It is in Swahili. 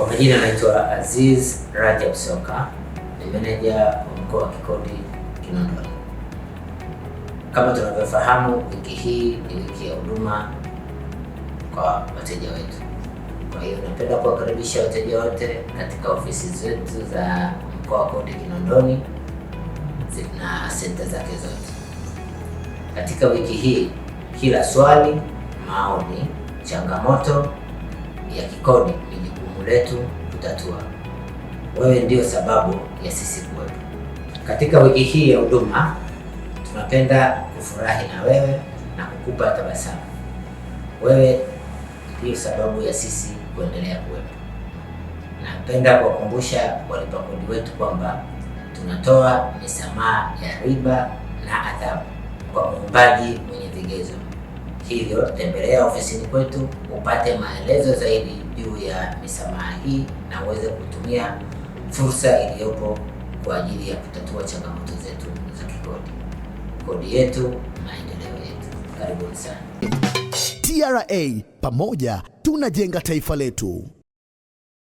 Kwa majina naitwa Aziz Rajab Soka, ni meneja wa mkoa wa Kikodi Kinondoni. Kama tunavyofahamu, wiki hii ni wiki ya huduma kwa wateja wetu. Kwa hiyo napenda kuwakaribisha wateja wote katika ofisi zetu za mkoa wa Kikodi Kinondoni na senta zake zote. Katika wiki hii, kila swali, maoni, changamoto ya kikodi jukumu letu kutatua. Wewe ndio sababu ya sisi kuwepo. Katika wiki hii ya huduma, tunapenda kufurahi na wewe na kukupa tabasamu. Wewe ndiyo sababu ya sisi kuendelea kuwepo. Napenda kuwakumbusha walipa kodi wetu kwamba tunatoa misamaha ya riba na adhabu kwa muumbaji hivyo tembelea ofisini kwetu upate maelezo zaidi juu ya misamaha hii na uweze kutumia fursa iliyopo kwa ajili ya kutatua changamoto zetu za kikodi. Kodi yetu, maendeleo yetu. Karibuni sana. TRA, pamoja tunajenga taifa letu.